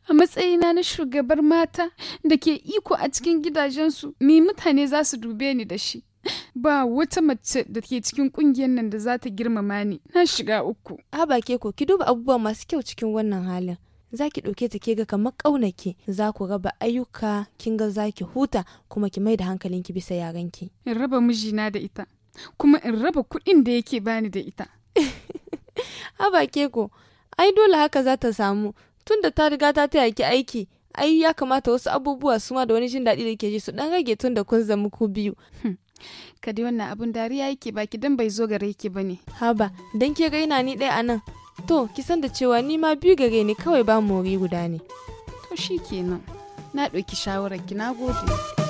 a matsayina na shugabar mata da ke iko a cikin gidajensu me mutane za su dube ni da shi ba wata mace da ke cikin kungiyar nan da za ta girmama ni na shiga uku a ke ko ki duba abubuwa masu kyau cikin wannan halin za ki ɗauke ta ke ga kamar ƙaunake za ku raba ayyuka kin ga za ki huta kuma ki mai da ki bisa yaranki in raba mijina da ita kuma in raba kuɗin da yake bani da ita haba ke ko ai dole haka za ta samu tun da ta riga ta ta ki aiki ai ya kamata wasu abubuwa su ma da wani jin daɗi da ke ji su dan rage tun da kun zama ku biyu hmm, kadi wannan abun dariya yake baki dan bai zo gare ki ne. haba dan ke gaina ni ɗaya anan to ki san da cewa ni ma biyu gare ni kawai ba wuri guda ne to shikenan na ɗauki shawarar ki na gode